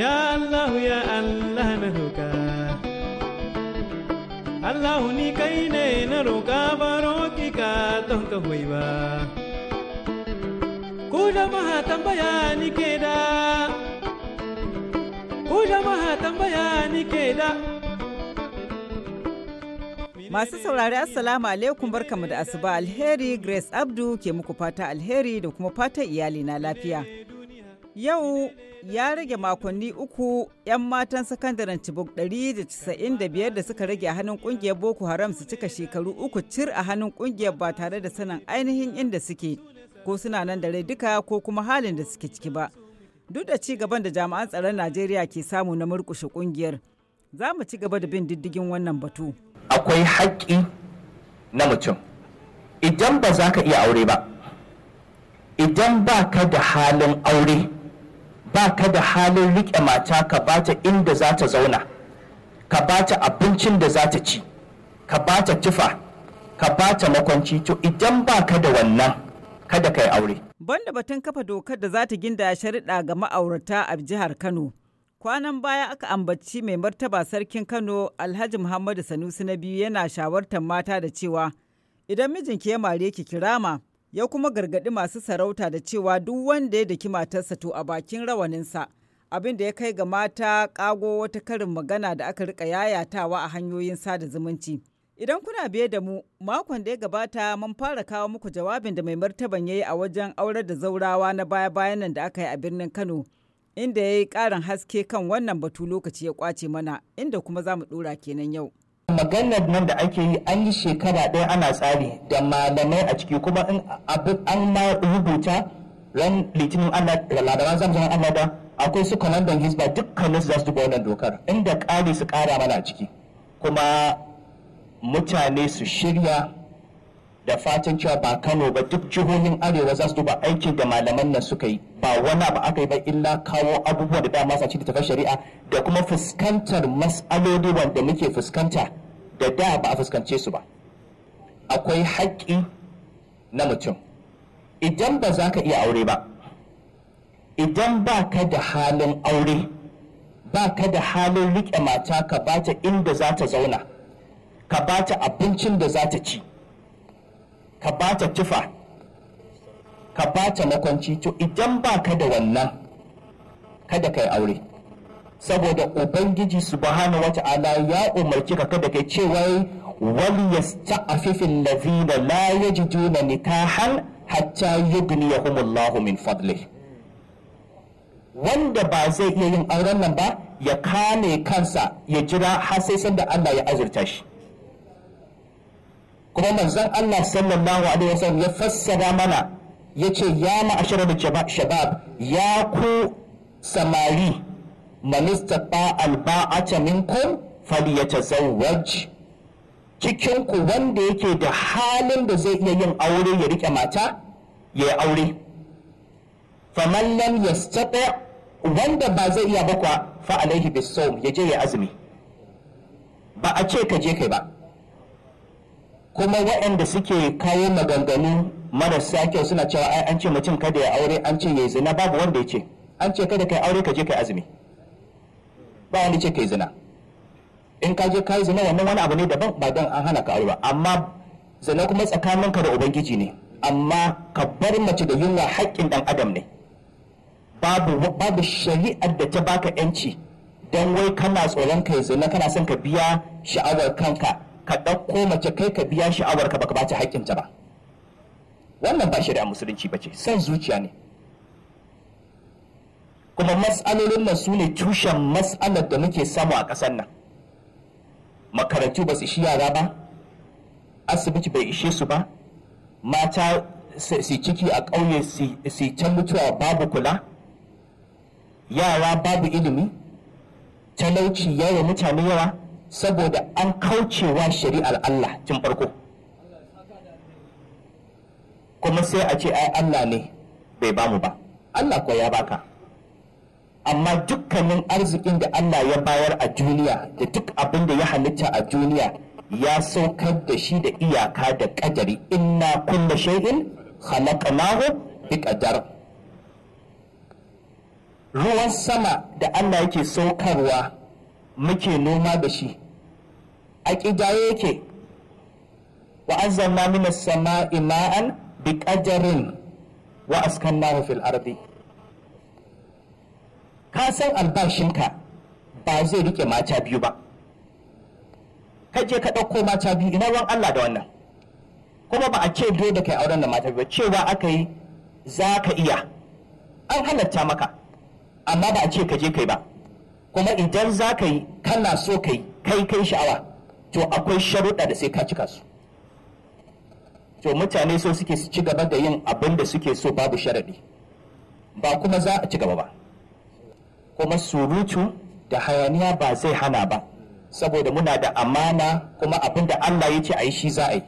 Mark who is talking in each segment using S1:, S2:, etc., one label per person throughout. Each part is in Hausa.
S1: Ya Allah ya Allah na roƙa ni kai ne na roƙa ka don ka ba tambaya ni
S2: Masu saurari Assalamu alaikum barkamu da asuba alheri Grace Abdu ke muku fata alheri da kuma fata iyali na lafiya. Yau ya rage makonni uku 'yan matan sakandaren cibok 195 da suka rage a hannun kungiyar Boko Haram su cika shekaru uku cir a hannun kungiyar ba tare da sanin ainihin inda suke ko suna nan da rai duka ko kuma halin da suke ciki ba. Duk da ci gaban da jami'an tsaron Najeriya ke samu na murkushe kungiyar, za mu ci gaba da bin diddigin wannan batu.
S3: Akwai haƙƙi na mutum. Idan ba za ka iya aure ba, idan ba ka da halin aure. ba ka da halin riƙe mata ka ba ta inda za ta zauna ka ba ta abincin da za ta ci ka ba ta tufa ka ba ta makwanci to idan ba ka da wannan kada
S2: ka yi aure banda batun kafa dokar da za ta ginda shariɗa ga ma'aurata a jihar kano kwanan baya aka ambaci mai martaba sarkin kano alhaji muhammadu sanusi na biyu yana shawartar mata da cewa idan mijinki ya mare ki kirama ya kuma gargaɗi masu sarauta da cewa duk wanda ya daki matarsa to a bakin rawaninsa abin da ya kai ga mata ƙago wata karin magana da aka rika yayatawa a hanyoyin sada zumunci idan kuna biye da mu makon da ya gabata mun fara kawo muku jawabin da mai martaban yayi a wajen aurar da zaurawa na baya-bayan nan da aka yi a birnin kano inda ya yi ƙarin haske kan wannan batu lokaci ya kwace mana inda kuma za mu ɗora kenan yau maganar nan
S3: da ake yi an yi shekara ɗaya ana tsari da malamai a ciki kuma in an ma rubuta ran litinin allah da ladaran zamzan allah da akwai su kwanan hisba dukkanin su za su duba wannan dokar inda ƙari su ƙara mana a ciki kuma mutane su shirya da fatan cewa ba kano ba duk jihohin arewa za su duba aikin da malaman nan suka yi ba wani abu aka yi ba illa kawo abubuwa da dama sa da tafiyar shari'a da kuma fuskantar matsaloli wanda muke fuskanta da da ba a fuskance su ba akwai haƙƙi na mutum idan ba za ka iya aure ba idan ba ka da halin aure ba ka da halin riƙe mata ka ba ta inda za ta zauna ka ba ta abincin da za ta ci ka ba ta tufa ka ba ta makwanci to idan ba ka da wannan kada ka yi aure saboda ubangiji subhanahu wata'ala ya umarci ka kada kai cewa wal yasta'afifin ladina la yajiduna nikahan hatta yughniyahumullahu min fadli wanda ba zai iya yin auren nan ba ya kane kansa ya jira har sai sanda Allah ya azurta shi kuma manzon Allah sallallahu alaihi wasallam ya fassara mana yace ya ma'ashara da shabab ya ku samari man kun, alba'ata minkum ta cikin ku wanda yake da halin da zai iya yin aure ya rike mata ya yi aure faman lam yastata wanda ba zai iya ba kwa fa alaihi bisawm ya je ya azumi ba a ce ka je kai ba kuma waɗanda suke kawo maganganu marasa kyau suna cewa ai an ce mutum kada ya aure an ce ya zina babu wanda ya ce an ce kada kai aure ka je kai azumi ba wanda ce kai zina in ka je ka zina wannan wani abu ne daban ba dan an hana ka aure ba amma zina kuma tsakaninka da ubangiji ne amma ka bar mace da yunwa haƙƙin dan adam ne babu babu shari'ar da ta baka yanci dan wai kana tsoron kai zina kana son ka biya sha'awar kanka ka ɗauko mace kai ka biya sha'awar ka baka ba ta haƙƙinta ba wannan ba shari'a musulunci ba ce son zuciya ne kuma matsalolin nan su ne tushen matsalar da muke samu a ƙasar nan makarantu ba su ishi yara ba asibiti bai ishe su ba mata su ciki a ƙauye su can mutuwa babu kula yara babu ilimi talauci yawa mutane yawa saboda an kaucewa shari'ar Allah tun farko kuma sai a ce ai Allah ne bai bamu ba Allah ko ya baka amma dukkanin arzikin da Allah ya bayar a duniya da duk abin da ya halitta a duniya ya saukar da shi da iyaka da kadari inna kulla shay'in khalaqnahu bi qadar ruwan sama da Allah yake saukarwa muke noma da shi a kidaye yake wa azzalna minas sama'i ma'an bi qadarin wa askannahu fil ardi ka san albashinka ba zai rike mata biyu ba ka je ka ɗauko mata biyu ina ruwan Allah da wannan kuma ba a ce dole da kai auren da mata biyu cewa aka yi za ka iya an halatta maka amma ba a ce ka je kai ba kuma idan za ka yi kana so ka kai kai sha'awa to akwai sharuɗa da sai ka cika su to mutane so suke su ci gaba da yin abin da suke so babu sharaɗi ba kuma za a ci gaba ba kuma surutu da hayaniya ba zai hana ba saboda muna da amana kuma abin da Allah ya ce a yi shi za a yi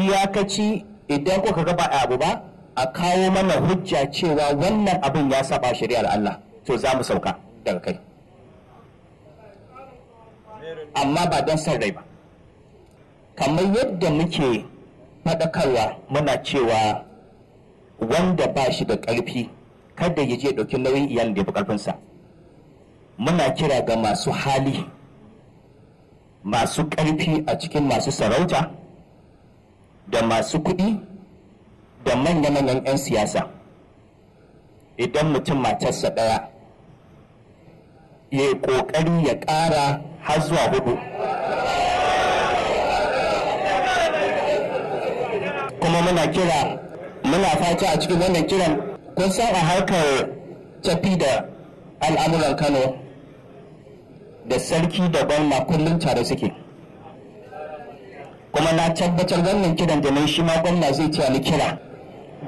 S3: iyakaci idan kuka gaba abu ba a kawo mana hujja cewa wannan abin ya saba shari'ar Allah to za mu sauka daga kai amma ba don son rai ba kamar yadda muke faɗakarwa muna cewa wanda ba shi da ƙarfi kada ya je ɗauki nauyin iyalin da ya fi ƙarfinsa muna kira ga masu hali masu ƙarfi a cikin masu sarauta da masu kuɗi da manya-manyan 'yan siyasa idan mutum matarsa ɗaya ya ƙoƙari ya ƙara har zuwa hudu kuma muna kira muna fata a cikin wannan kiran kun san a harkar tafi da al'amuran kano da sarki da gwamna kullum tare suke kuma na tabbatar wannan kiran da nan shi ma gwamna zai ce kira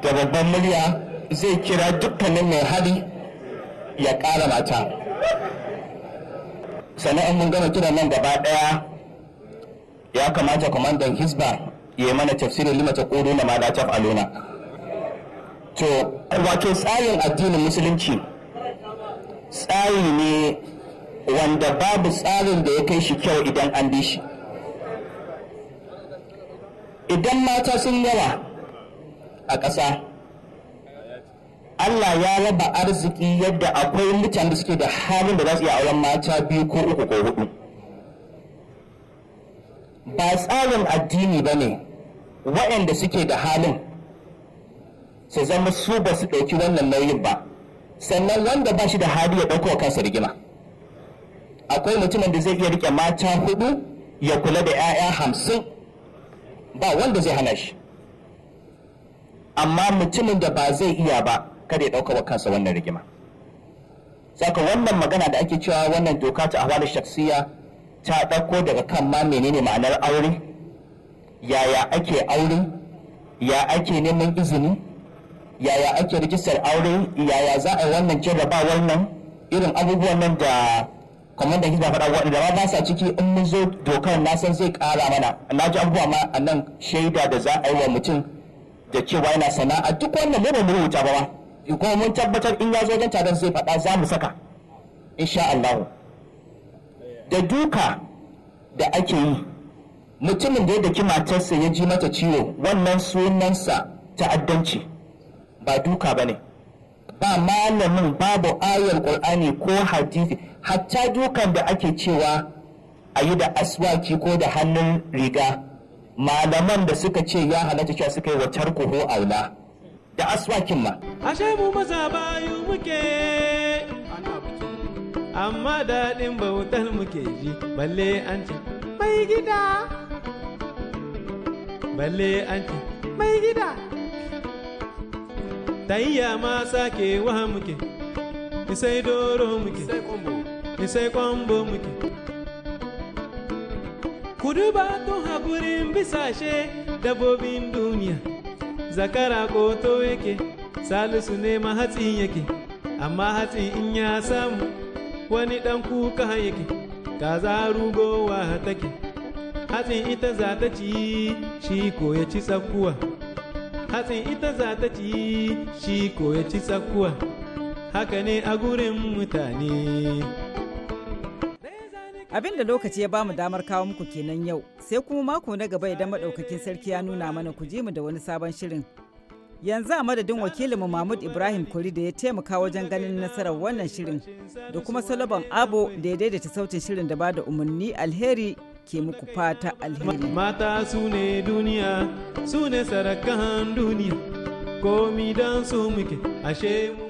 S3: da babban murya zai kira dukkanin mai hari ya ƙara mata sana'an mun gama kiran nan gaba ɗaya ya kamata kwamandan hisba ya yi mana tafsirin limata ƙoro na ma da taf alona to wato tsarin addinin musulunci tsari ne wanda babu tsarin da ya kai shi kyau idan an bi shi idan mata sun yawa a ƙasa Allah ya raba arziki yadda akwai mutane da suke da halin da za su iya auren mata biyu ko uku ko hudu ba tsarin addini ba ne waɗanda suke da halin su zama su ba su ɗauki wannan nauyin ba sannan wanda ba shi da hali ya ɗauko kansa rigima akwai mutumin da zai iya rike mata hudu ya kula da 'ya'ya hamsin ba wanda zai hana shi amma mutumin da ba zai iya ba kada ya ɗauka wa kansa wannan rigima saka wannan magana da ake cewa wannan doka ta ahwalar shaksiya ta ɗauko daga kan ma menene ma'anar aure yaya ake aure ya ake neman izini yaya ake rijistar aure yaya za a wannan jarrabawar nan irin abubuwan nan da kamar da kika faɗa waɗanda ba sa ciki in mun zo dokar nasan zai ƙara mana na ji abubuwa ma a nan shaida da za a yi wa mutum da cewa yana sana'a duk wannan ne ba mu rubuta ba kuma mun tabbatar in ya zo wajen taron zai faɗa za mu saka insha Allah da duka da ake yi mutumin da ya daki matarsa ya ji mata ciwo wannan sunansa ta'addanci ba duka ba ne ba malamin babu ayar ƙul'ani ko hadisi hatta dukan da ake cewa a yi da aswaki ko da hannun riga malaman da suka ce ya halatta cewa suka yi wa ko aula da aswakin ma
S1: ashe mu maza bayu muke amma daɗin bautar muke ji balle an ce mai gida balle an ce mai gida tayya ma sake wa muke isai doro muke isai kwambo muke kudu ba tun haƙurin bisashe dabobin duniya zakara koto yake salisu ne ma hatsi yake amma hatsi in ya samu wani dan kuka yake ka kaza rugowa take hatsi ita za ta ci shi ko ya ci tsakuwa hatsin ita za ta ci shi ko ya ci tsakuwa
S2: haka ne a gurin
S1: mutane
S2: abin da lokaci ya bamu damar kawo muku kenan yau sai kuma mako na gaba idan maɗaukakin sarki ya nuna mana ku ji mu da wani sabon shirin yanzu a madadin wakilinmu mahmud ibrahim kuri da ya taimaka wajen ganin nasarar wannan shirin da kuma salaban abo da ya daidaita sautin shirin da ba da umarni alheri ke muku fata alheri. Mata su ne duniya,
S1: su ne sarakan duniya, komi don su muke ashe mu.